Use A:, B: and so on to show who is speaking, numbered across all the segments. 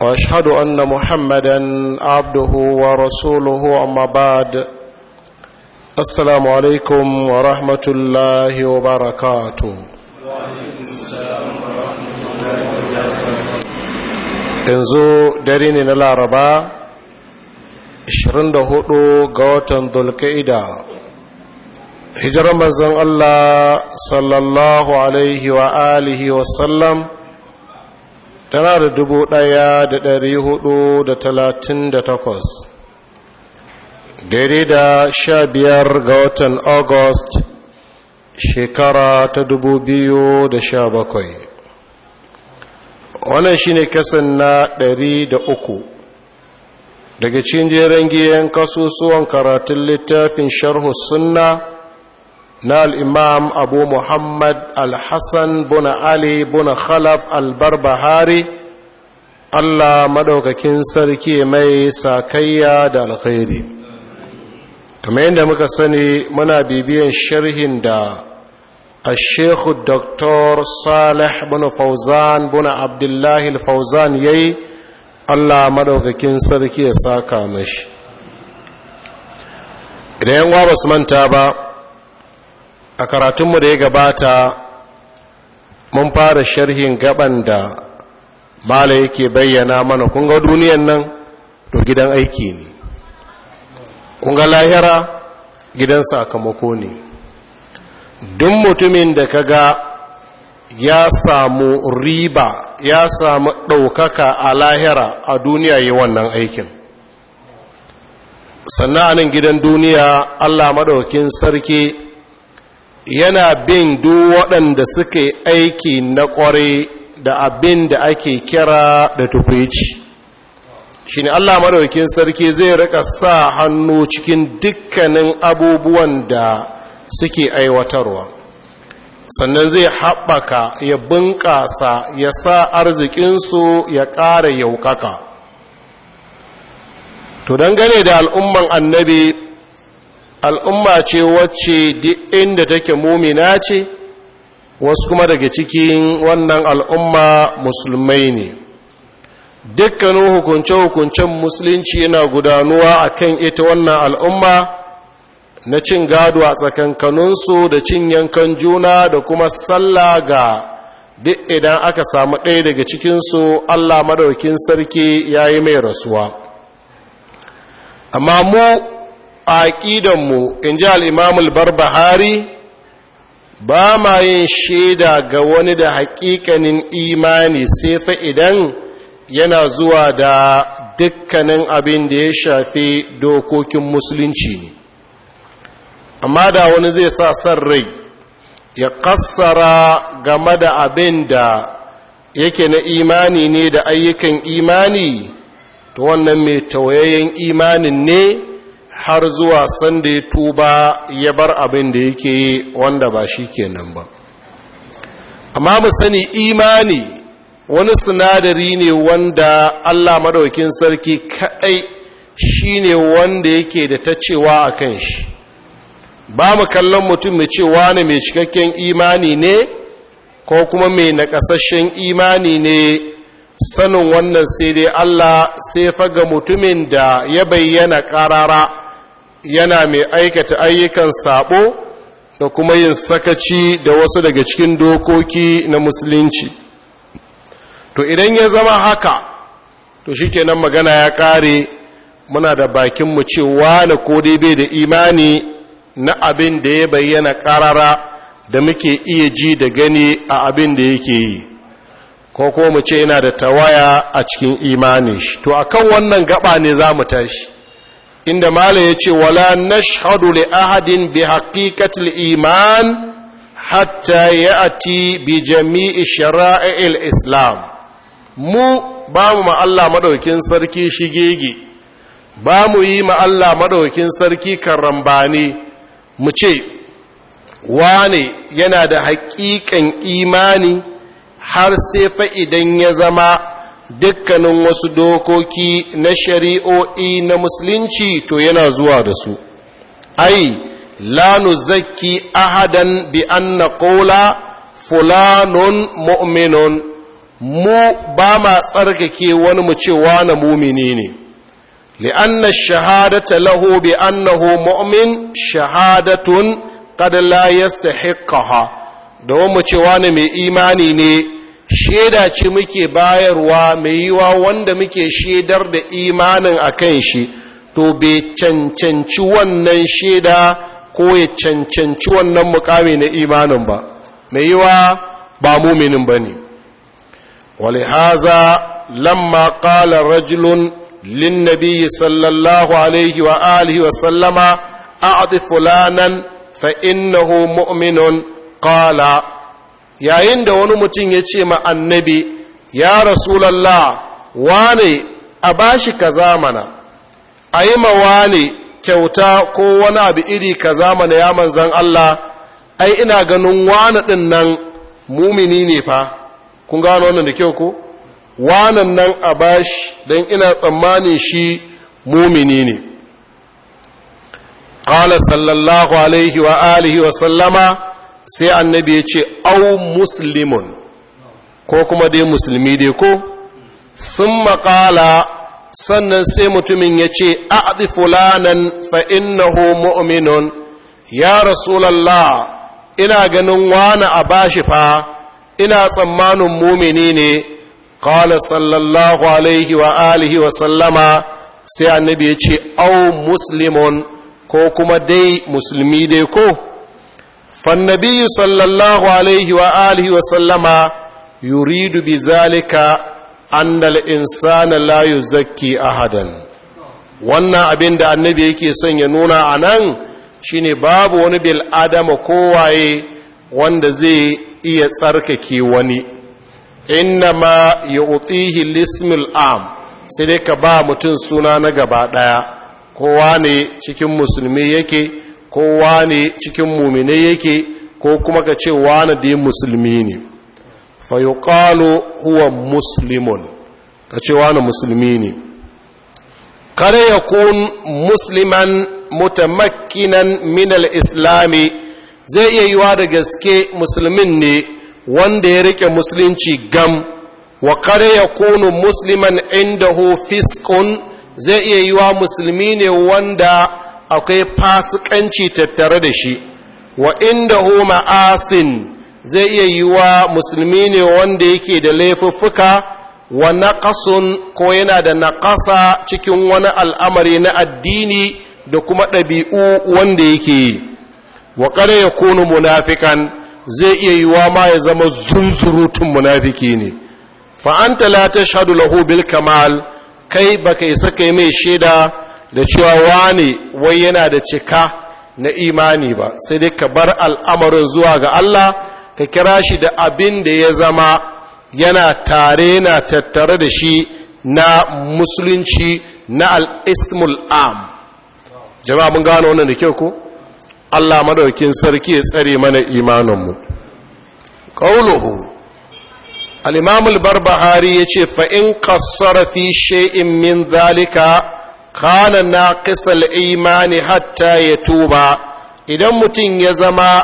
A: واشهد ان محمدا عبده ورسوله اما بعد السلام عليكم ورحمه الله وبركاته yanzu dare ne na laraba 24 ga watan dulka'ida hijirar manzon allah sallallahu alaihi wa alihi wasallam tana da dubu ɗaya da ɗari hudu da talatin da takwas daidai da sha biyar ga watan august shekara ta dubu biyu da sha bakwai wannan shine kasan na ɗari da uku daga cikin jeren giyan kasusuwan karatun littafin sharhu sunna na al'imam abu muhammad al-hassan buna ali buna khalaf al-barbahari allah maɗaukakin sarki mai sakayya da alkhairi kamar yadda muka sani muna bibiyan sharhin da الشيخ الدكتور صالح بن فوزان بن عبد الله الفوزان يي الله مدوكاكين سركي ساكا mashi. idan yan ba su manta ba a karatunmu da ya gabata mun fara sharhin gaban da mala yake bayyana mana kunga duniyan nan to gidan aiki ne kunga lahira gidan sakamako ne duk mutumin da ka ga ya samu riba ya samu ɗaukaka a lahira a duniya yi wannan aikin sannan gidan duniya allah maɗaukin sarki yana bin duk waɗanda suka yi aiki na ƙware da abin da ake kira da tufici shi ne allah maɗaukin sarki zai rika sa hannu cikin dukkanin abubuwan da suke aiwatarwa sannan zai haɓaka ya bunƙasa ya sa arzikinsu ya ƙara yaukaka to dangane da al'umman annabi al'umma ce wacce inda take mumina ce wasu kuma daga cikin wannan al'umma musulmai ne dukkanin hukunce-hukuncen musulunci yana gudanuwa a kan ita wannan al'umma na cin gado a tsakankaninsu da cin yankan juna da kuma sallah ga duk idan aka samu ɗaya daga cikinsu allah maɗaukin sarki ya yi mai rasuwa amma mu a aƙidanmu in ji al'imamul barbahari ba ma yin shaida ga wani da haƙiƙanin imani sai fa idan yana zuwa da dukkanin abin da ya shafi dokokin musulunci ne amma da wani zai sa san rai ya kassara game da abin da yake na imani ne da ayyukan imani to wannan mai tawayayyen imanin ne har zuwa sanda ya tuba ya bar abin da yake wanda ba shi kenan ba amma mu sani imani wani sinadari ne wanda allah madaukin sarki kaɗai shi ne wanda yake da ta cewa a kan shi ba mu kallon mutum mai cewa ne mai cikakken imani ne ko kuma mai nakasashen imani ne sanin wannan sai dai Allah sai faga mutumin da ya bayyana ƙarara yana mai aikata ayyukan sabo da kuma yin sakaci da wasu daga cikin dokoki na musulunci to idan ya zama haka to kenan magana ya kare muna da bakin mu cewa na ko dai bai da imani na abin da ya bayyana karara da muke iya ji da gani a abin da yake yi ko ko mu ce yana da tawaya a cikin imanin shi to akan wannan gaba ne za mu tashi inda mala ya ce wala nashhadu li ahadin bi haqiqatil iman hatta ya ya'ti bi jami'i shara'il islam mu ba mu ma Allah madaukin sarki shigege ba mu yi ma Allah madaukin sarki karambani mu ce wane yana da haƙiƙan imani har sai fa idan ya zama dukkanin wasu dokoki na shari'o'i na musulunci to yana zuwa da su ai la zaki ahadan bi anna qawla fulanun mu'minun mu ba ma tsarkake wani mu cewa na mumini ne lahu bi annahu mu'min shahadatun qad la yastahiqqaha يستحقها mu cewa ne mai imani ne shaida ce muke bayarwa mai yiwa wanda muke shaidar da imanin a kan shi to bai cancanci wannan shaida ko ya cancanci wannan mukami na imanin ba mai yiwa ba muminin ba ne haza lamma ƙala rajulun linnabi sallallahu alaihi wa alihi wa sallama a'ati fulanan fa innahu mu'minun qala yayin da wani mutum ya ce ma annabi ya rasulallah wane a ba shi kaza mana a yi ma wane kyauta ko wani abu iri kaza mana ya manzan Allah ai ina ganin wane ɗin nan mumini ne fa kun gano wannan da kyau ko wanan nan a shi? don ina tsammanin shi mumini ne قال صلى الله عليه وآله وسلم sai annabi ya ce au muslimun ko kuma dai musulmi dai ko sun maƙala sannan sai mutumin ya ce a'adi fulanan fa'innahu mu'minun ya rasulallah ina ganin wani a bashi fa ina tsammanin mumini ne ƙala sallallahu alaihi wa alihi wa sallama sai annabi ya ce au muslimun ko kuma dai musulmi dai ko فالنبي صلى الله عليه وآله وسلم يريد بذلك أن الإنسان لا يزكي أحدا wannan abin da annabi yake son ya nuna a nan shine babu wani bil'adama adama kowaye wanda zai iya tsarkake wani inna ma ya utihi lismil am sai dai ka ba mutum suna na gaba ɗaya kowa ne cikin musulmi yake Ko wane cikin mumine yake ko kuma ka ce wane da musulmi ne fayuqalu huwa musulmin ka ce wane musulmi ne kare ya kun musulman mutamakinan minal islami zai iya yiwa da gaske musulmin ne wanda ya rike musulunci gam wa kare ya kunu inda hu fiskun zai iya yiwa musulmi ne wanda akwai fasikanci tattare da shi wa inda ma'asin zai iya yi wa musulmi ne wanda yake da laifuffuka wa naƙasun ko yana da naƙasa cikin wani al'amari na addini da kuma ɗabi'u wanda yake yi wa ƙare ya kunu munafikan zai iya yi wa ma ya zama zunzurutun munafiki ne fa'anta la ta shaɗu lahu bil kamal kai baka isa kai mai shaida da cewa wane wai yana da cika na imani ba sai dai ka bar al'amarin zuwa ga Allah ka kira shi da abin da ya zama yana tare na tattare da shi na musulunci na al'ismul am jama'a mun gano wannan da kyau ko Allah madaukin sarki ya tsare mana imaninmu ƙauluhu al'imamul barbahari ya ce fa'in ƙasar fi she'in min zalika na kisal imani hatta ya tuba idan mutum ya zama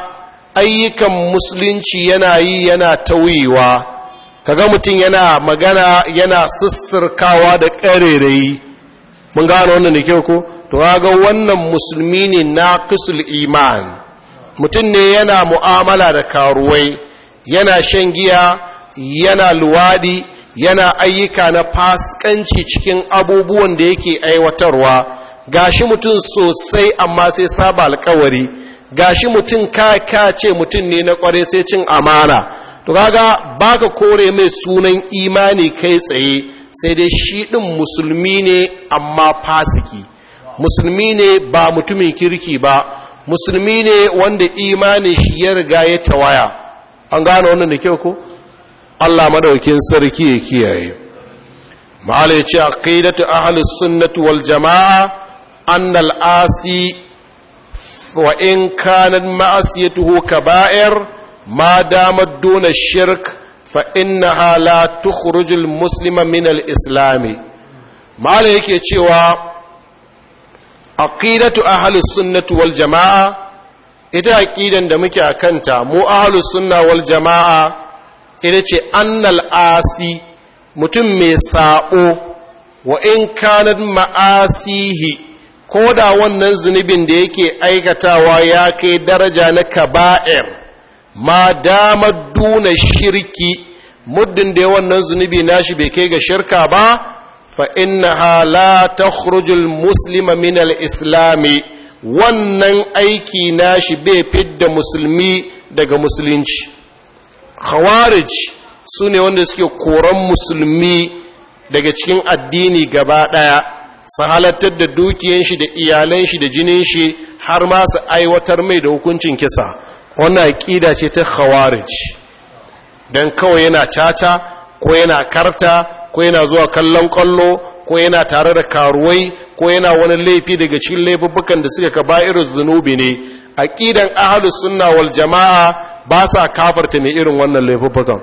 A: ayyukan musulunci yana yi yana tauyewa kaga mutum yana magana yana sissirkawa da ƙarerayi mun gano wannan da kyau ko to ga wannan musulmi ne naqisul iman mutum ne yana mu'amala da karuwai yana shan giya yana luwadi yana ayyuka na faskanci cikin abubuwan da yake aiwatarwa gashi mutum sosai amma sai saba alkawari gashi mutum ka ce mutum ne na kware sai cin amana to kaga baka kore mai sunan imani kai tsaye sai dai shi ɗin musulmi ne amma fasiki musulmi ne ba mutumin kirki ba musulmi ne wanda imanin shi ya riga ya tawaya an gane wannan da kyau ko Allah madaukin sarki ya kiyaye ma'ala a aqidatu ahli sunnati wal jamaa anna al asi wa in kanat ma'asiyatuhu kaba'ir ma damat duna shirk fa innaha la tukhruju muslima min al islami ma'ala yake cewa aqidatu ahli sunnati wal jamaa ita aqidan da muke akanta mu ahli sunna wal jamaa dai ce annal asi mutum mai sa'o wa in kanar ma'asihi ko da wannan zunubin da yake aikatawa ya kai daraja na kaba'ir ma dama duna shirki muddin da wannan zunubi nashi bai kai ga shirka ba fa ha la takhrujul muslima min islami wannan aiki nashi bai fidda musulmi daga musulunci khawarij su ne wanda suke koran musulmi daga cikin addini gaba ɗaya su halattar da dukiyan shi da iyalan shi da jinin shi har ma su aiwatar mai da hukuncin kisa wannan aƙida ce ta khawarij don kawai yana caca ko yana karta ko yana zuwa kallon kwallo ko yana tare da karuwai ko yana wani laifi daga cikin laifuffukan da suka ka irin zunubi ne aqidan ahlus sunna wal jama'a ba sa kafirta mai irin wannan laifuffukan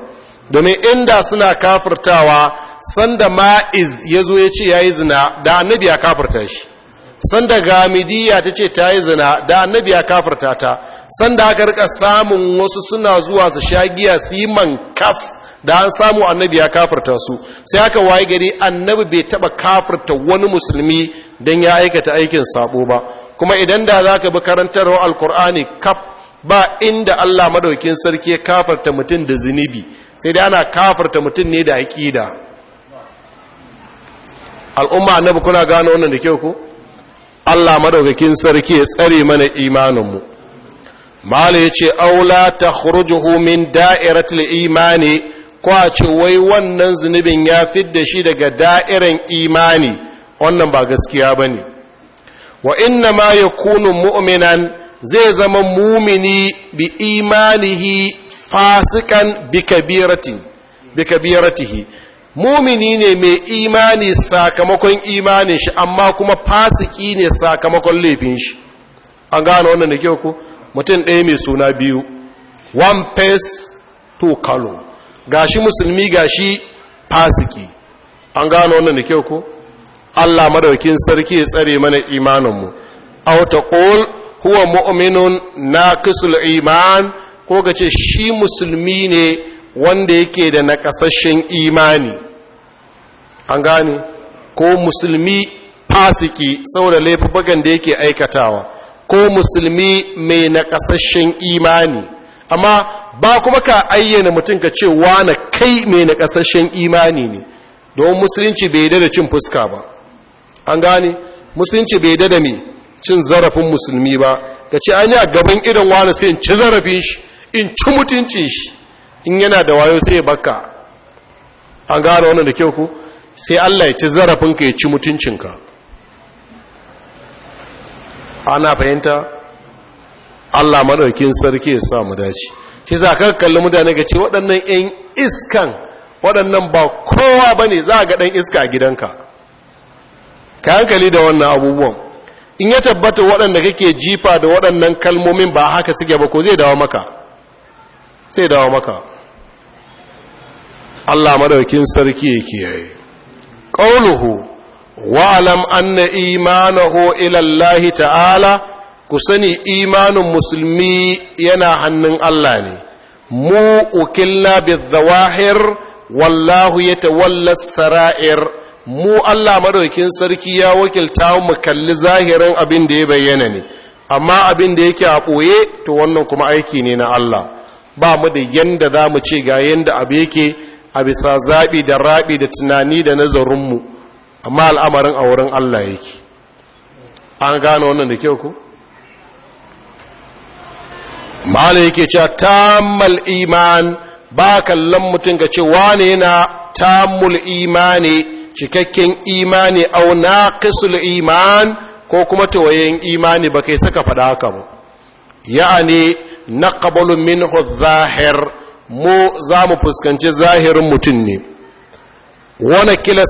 A: domin inda suna kafirtawa sanda ma'iz yazo ya ce yayi zina da annabi ya kafirta shi sanda gamidiya ta ce ta yi zina da annabi ya kafirta ta sanda aka rika samun wasu suna zuwa su sha giya su yi mankas da an samu annabi ya kafirta su sai aka waye gari annabi bai taba kafirta wani musulmi don ya aikata aikin sabo ba kuma idan da za ka bi karantarwa alkur'ani kaf ba inda allah madaukin sarki ya kafarta mutum da zunubi sai dai ana kafarta mutum ne da aƙida al'umma annabi kuna gano wannan da kyau ko allah madaukin sarki ya tsare mana mu. mala ya ce aula ta min da'iratul imani ko a ce wai wannan zunubin ya fidda shi daga da'iran imani wannan ba gaskiya bane wa inna ma kunun mu'minan zai zama mumini bi imanihi fasikan bi kabiratihi mumini ne mai imani sakamakon imanin shi amma kuma fasiki ne sakamakon laifin shi an gano wannan da kyau ku mutum ɗaya mai suna biyu one face two kalo gashi musulmi gashi fasiki an gano wannan da kyau ku Allah madaukin sarki ya tsare mana imaninmu aw taqul huwa mu'minun naqisul iman ko ce shi musulmi ne wanda yake da nakasashen imani an gane ko musulmi fasiki saboda laifukan da yake aikatawa ko musulmi mai nakasashen imani amma ba kuma ka ayyana mutum ka ce na kai mai naƙasashen imani ne don musulunci bai da cin fuska ba an gane musulunci bai dada mai cin zarafin musulmi ba ka ce an yi a gaban idan wani sai in ci zarafin shi in ci mutuncin shi in yana da wayo sai ya baka an gane wannan da kyau ku sai allah ya ci zarafinka ya ci mutuncinka ana fahimta allah maɗaukin sarki ya sa mu dace shi za ka kalli mutane ka ce waɗannan 'yan iskan waɗannan ba kowa ba ne za a ga ɗan iska a gidanka ka hankali da wannan abubuwan in ya tabbata waɗanda kake jifa da waɗannan kalmomin ba haka suke ba ko zai dawo maka zai dawo maka Allah madaukin sarki ya kiyaye qauluhu wa alam anna imanahu ila Allah ta'ala ku sani imanin musulmi yana hannun Allah ne mu ukilla zawahir, wallahu yatawalla sarair mu Allah madaukin sarki ya wakilta mu kalli zahirin abin da ya bayyana ne amma abin da yake a ɓoye to wannan kuma aiki ne na Allah ba mu da yanda za mu ce ga yanda abu yake a bisa zaɓi da raɓi da tunani da nazarinmu amma al'amarin a wurin Allah yake an gane wannan da kyau ku? ma'ala yake cewa tammal iman ba kallon mutum ga ce wane yana tammul imani cikakken imani au kisul iman ko kuma tawayen imani ba kai saka faɗa haka ba ya'ani na naqbalu min zahir mu za mu fuskanci zahirin mutum ne wani kila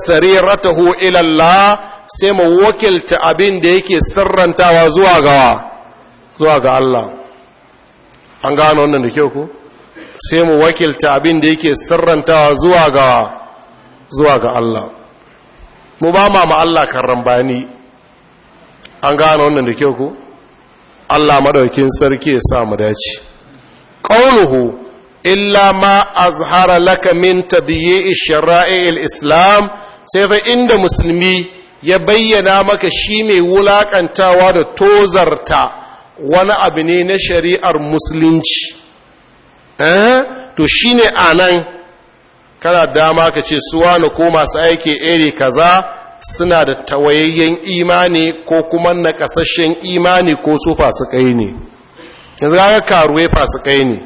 A: hu ilalla sai mu wakilta abin da yake sirrantawa zuwa gawa zuwa ga Allah an gano wannan da kyau ku sai mu wakilta abin da yake sirrantawa zuwa ga zuwa ga Allah mu ba ma ma Allah bani, an gano wannan da kyau ko Allah madaukin sarki ya sa mu dace qawluhu illa ma azhara laka min tadyi'i al islam sai fa inda musulmi ya bayyana maka shi mai wulakantawa da tozarta wani abu ne na shari'ar musulunci eh to shine anan kana dama ka ce su wani ko masu aiki iri kaza suna da tawayayyen imani ko kuma kasashen imani ko su fasikai ne yanzu ga karuwe fasikai ne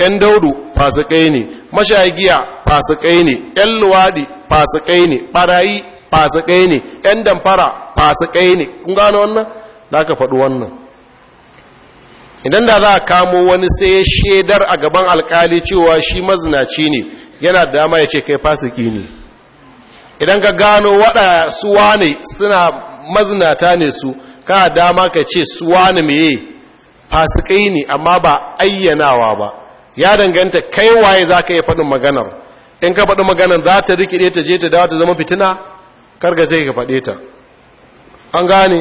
A: yan daudu fasikai ne mashagiya fasikai ne yan luwadi fasikai ne barayi fasikai ne yan damfara fasikai ne kun gano wannan da aka faɗi wannan idan da za a kamo wani sai ya shaidar a gaban alkali cewa shi mazinaci ne yana dama ya ce kai fasiki ne idan ka gano waɗa suwa ne suna mazinata ne su ka dama ka ce suwa ne meye fasikai ne amma ba ayyanawa ba ya danganta kai waye za ka yi faɗin maganar in ka faɗi maganar za ta rikide ta je ta dawa ta zama fitina Kar ka ce ka faɗe ta an gane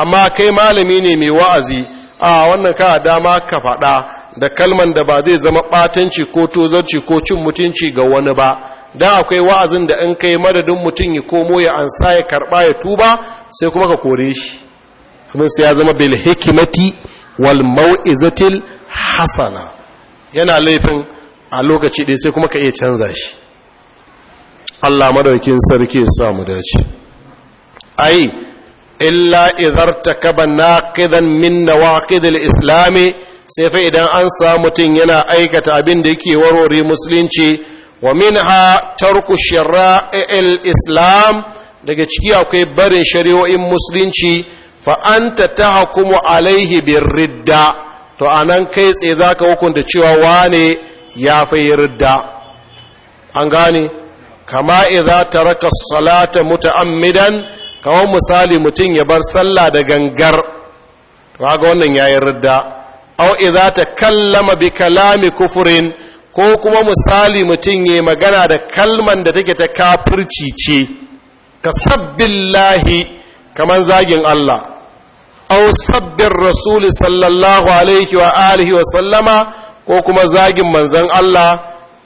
A: amma kai malami ne mai wa'azi a wannan ka dama ka faɗa da kalman da ba zai zama ɓatanci ko tozarci ko cin mutunci ga wani ba da akwai wa'azin da in kai madadin mutum ya komo ya ansa ya karɓa ya tuba sai kuma ka kore shi abin sai ya zama bil hikimati wal mau'izatil hasana yana laifin a lokaci ɗaya sai kuma ka iya canza shi Allah madaukin sarki ya sa mu dace ai illa idhar takaba naqidan min nawaqid al-islam sai fa idan an samu mutum yana aikata abin da yake warware musulunci wa minha tarku shara'il islam daga ciki akwai barin shari'o'in musulunci fa anta tahkumu alaihi birridda to anan kai tsaye zaka hukunta cewa wane ya fi ridda an gane kama idza taraka as-salata muta'ammidan kawon misali mutum ya bar sallah da gangar to ga wannan yi ridda au idza takallama bi kalami kufrin ko kuma misali mutum ya magana da kalman da take ta kafirci ce ka lahi, kamar zagin Allah au sabbin rasuli sallallahu alaihi wa alihi wa sallama ko kuma zagin manzon Allah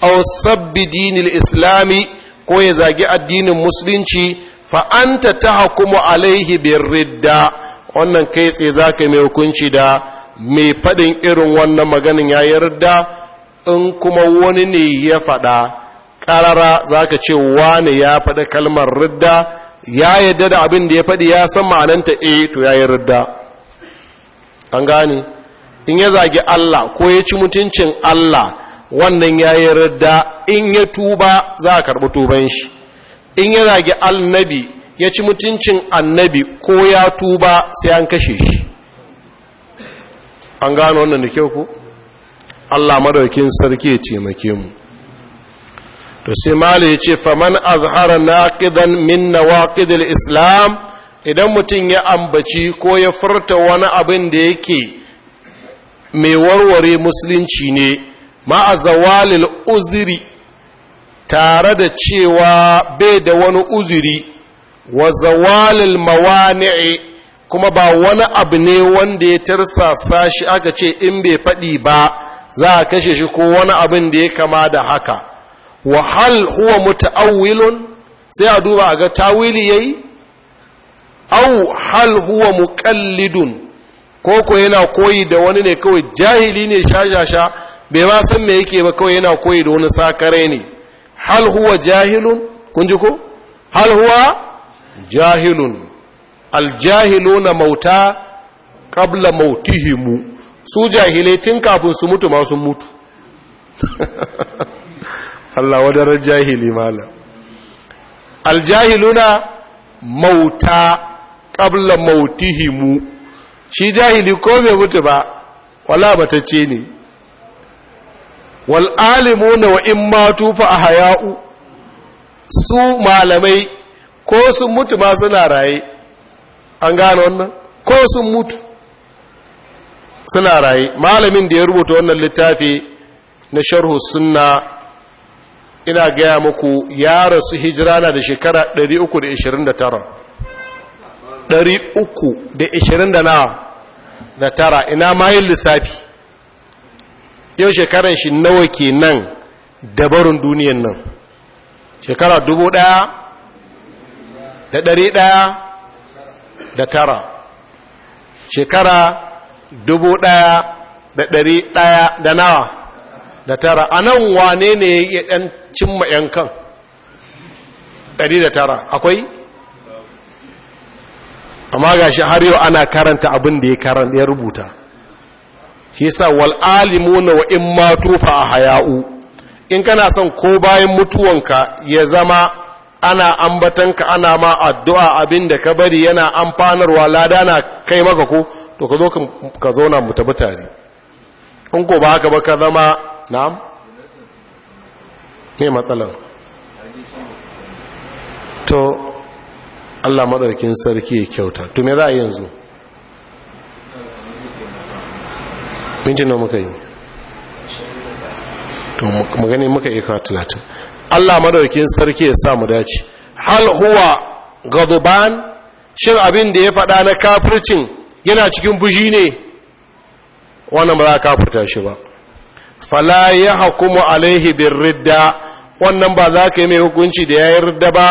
A: au sabbi dinil islami ko ya zagi addinin musulunci Fa'anta ta hakumu alaihi birridda wannan kai tsaye zaka mai hukunci da mai fadin irin wannan maganin ya yarda in kuma wani ne ya fada karara zaka ce wani ya fada kalmar ridda ya yarda da abin da ya faɗi ya san ma'ananta E to ya yi ridda an gane in ya zagi Allah ko ya ci mutuncin Allah wannan ya yi ridda in ya tuba za a karɓi tuban shi in ya zagi annabi ya ci mutuncin annabi ko ya tuba sai an kashe shi an gano wannan da kyau ku Allah madaukin sarki ya taimake mu to sai malai ya ce faman azhara naqidan min nawaqidil islam idan mutum ya ambaci ko ya furta wani abin da yake mai warware musulunci ne ma'a zawalil uzuri tare da cewa bai da wani uzuri wa zawalil mawani'i kuma ba wani abu ne wanda ya tarsasa shi aka ce in bai faɗi ba za a kashe shi ko wani abin da ya kama da haka wa hal huwa muta'awwilun sai a duba a ga tawili yayi au hal huwa muqallidun ko ko yana koyi da wani ne kawai jahili ne shashasha bai ba san me yake ba kawai yana koyi da wani sakare ne hal huwa jahilun kun ji ko hal huwa jahilun aljahiluna mauta qabla mautihimu su jahilai tun kafin su mutu ma sun mutu Allah wadar jahili malam aljahiluna mauta qabla mautihimu shi jahili ko bai mutu ba wala batacce ne wal’alimuna wa in matu fa haya'u su malamai ko sun mutu ma suna raye an gane wannan ko sun mutu suna raye malamin da ya rubuta wannan littafi na sharhu sunna ina gaya muku ya rasu hijirana da shekara 329 329 ina mayin lissafi yau shekaran shi nawa ke nan dabarun duniyan nan shekara dubu ɗaya da ɗari ɗaya da tara shekara dubu ɗaya da ɗari ɗaya da nawa da tara a nan wane ne ya ɗan cimma yankan ɗari da tara akwai amma ga shi har yau ana karanta abin da ya karanta, ya rubuta shi yasa wal alimuna wa in matu fa haya'u in kana son ko bayan mutuwanka ya zama ana ambatanka ana ma addu'a abinda ka bari yana amfanarwa lada na kai maka ko to ka zo ka zauna mu tabi tare in ko ba haka ba ka zama na'am me matsalan to Allah madarkin sarki ya kyauta to za a yanzu mintin nawa muka yi to magani muka yi kawai talatin allah madaukin sarki ya sa dace hal huwa gaduban shin abin da ya faɗa na kafircin yana cikin bushi ne wannan ba za a kafirta shi ba fala ya hakumu alaihi bin ridda wannan ba za ka yi mai hukunci da ya yi ridda ba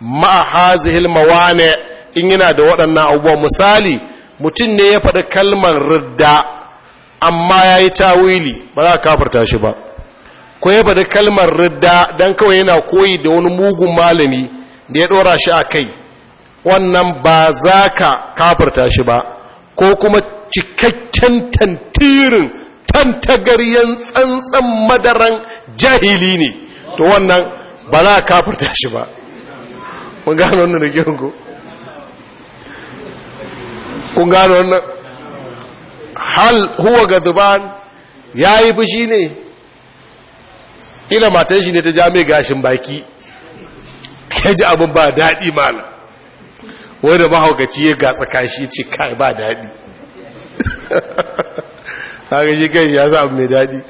A: ma'a hazihil mawane in yana da waɗannan abubuwa misali mutum ne ya faɗi kalmar ridda amma ya yi tawili ba za a kafarta shi ba ko ya faɗi kalmar ridda don kawai yana koyi da wani mugun malami da ya ɗora shi a kai wannan ba za ka kafarta shi ba ko kuma cikakken tantirin tantagaryen tsantsan madaran jahili ne to wannan ba za a kafarta shi ba kun gano wannan da kun gano wannan hal huwa gadban yayi fushi ne ila matan shi ne ta jami gashin baki ji abin ba daɗi mala wai da mahaukaci ya gatsa kashi ce kai ba daɗi haka shi kai ya sa mai daɗi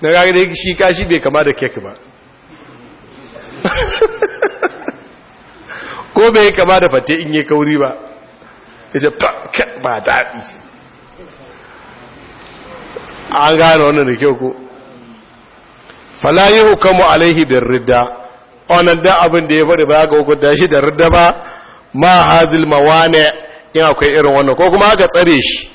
A: na kaga da shi kashi bai kama da kek ba ko bai kama da fate in yi kauri ba ya ce ba daɗi an gane wannan da kyau ko falayi hukamu alaihi bin ridda wannan da abin da ya faɗi ba ga hukunta shi da ridda ba ma hazil mawane in akwai irin wannan ko kuma aka tsare shi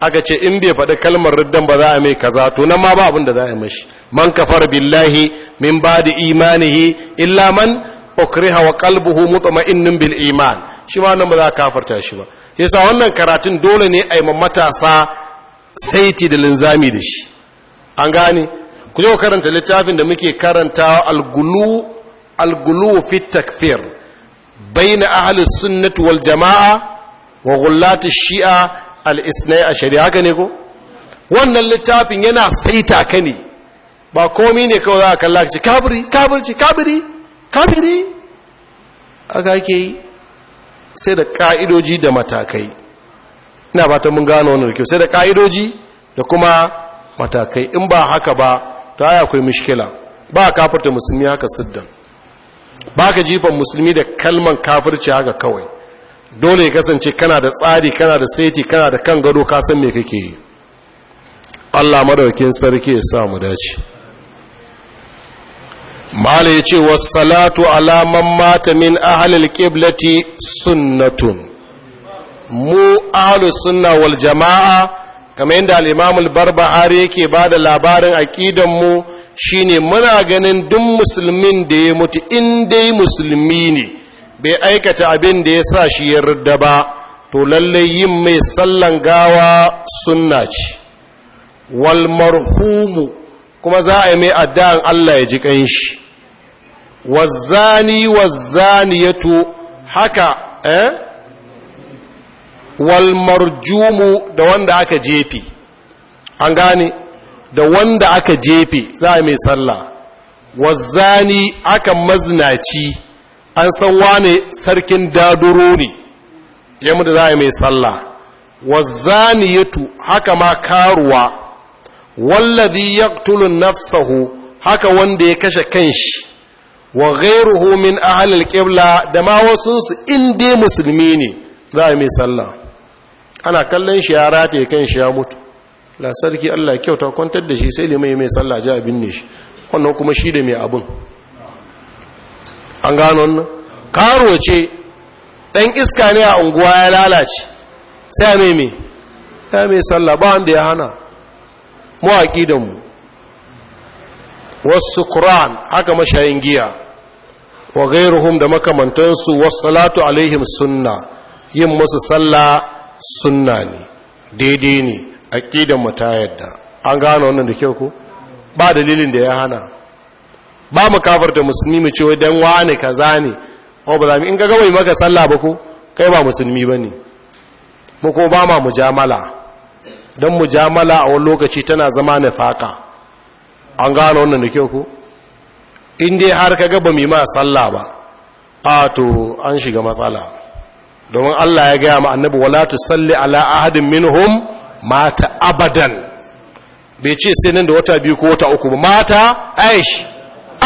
A: aka ce in bai faɗi kalmar riddan ba za a mai kaza to nan ma ba abin da za a mashi man kafar billahi min ba da imanihi illa man ukriha wa qalbuhu mutma'innun bil iman shi ma nan ba za a kafarta shi ba yasa wannan karatun dole ne a yi matasa saiti da linzami da shi an gane ku zo karanta littafin da muke karanta algulu algulu fi takfir baina ahli sunnati wal jamaa wa ghullati shi'a al isnai a shari'a haka ne ko wannan littafin yana saita ka ne ba komi ne kawai za ka kalla ka kabiri ci kabiri kabiri aka ke sai da ka'idoji da matakai ina fatan mun gano wannan kyau sai da ka'idoji da kuma matakai in ba haka ba ta ya akwai mishkila ba kafirta musulmi haka siddan ba ka jifan musulmi da kalman kafirci haka kawai dole ya kasance kana da tsari kana da saiti kana da kan gado ka san me kake yi Allah madaukakin sarki ya sa mu dace mala ya ce wasalatu alaman mata min ahalil kiblati sunnatun mu ahlus sunna wal jama'a kamar yadda al-imam al-barbahari yake bada labarin aqidan mu shine muna ganin duk musulmin da ya mutu in dai musulmi ne bai aikata abin da ya sa shi yarda ba to lalle yin mai sallan gawa sunna ce wal marhumu kuma za a yi mai addu'an Allah ya ji kanshi wazani, wazaniyatu haka eh wal marjumu da wanda aka jefi an gane da wanda aka jefe za a mai sallah wazzani aka maznaci an san wane sarkin daduro ne yamma da za a mai sallah wazzaniyatu haka ma karuwa wallazi yaqtulu nafsahu haka wanda ya kashe kanshi wa ghairuhu min ahlil qibla da ma wasu su in musulmi ne za a mai sallah ana kallon shi ya rataye kan shi ya mutu la sarki Allah kyauta kwantar da shi sai limai mai sallah ji abin ne shi wannan kuma shi da mai abin an gano wannan karo ce dan iska ne a unguwa ya lalace sai mai mai ya mai sallah ba wanda ya hana mu da mu wasu qur'an haka mashayin giya wa gairuhum da makamantansu was salatu alaihim sunna yin musu sallah sunna ne daidai ne a ƙidan ta yadda an gano wannan da kyau ko ba dalilin da ya hana ba mu kafar da musulmi mu ce dan wani kaza ne ko ba zami in ga gawai maka sallah ba ko kai ba musulmi ne? mu ko ba ma mujamala dan mujamala a wani lokaci tana zama na faƙa. an gano wannan da kyau ko in dai har ka ga ba mu ma sallah ba a to an shiga matsala domin Allah ya gaya ma annabi wala tu salli ala ahadin minhum mata abadan bai ce sai nan da wata biyu ko wata uku ba mata aish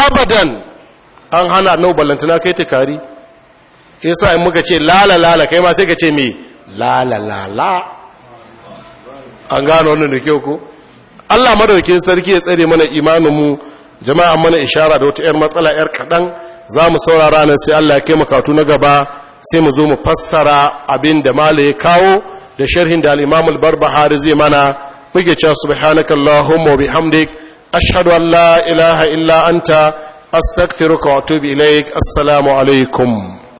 A: abadan an hana annabi ballantana kai ta kari yasa in muka ce lala lala kai ma sai ka ce me lala lala an gano wannan da kyau ko Allah madaukakin sarki ya tsare mana imanin mu jama'a mana ishara da wata 'yar matsala 'yar kaɗan za mu saurara nan sai Allah ya kai makatu na gaba sai mu zo mu fassara abin da mala ya kawo da sharhin da al bar al-barbahari zai mana muke cewa subhanakallahumma wa bihamdik ashhadu an la ilaha illa anta astaghfiruka wa atubu ilaik assalamu alaikum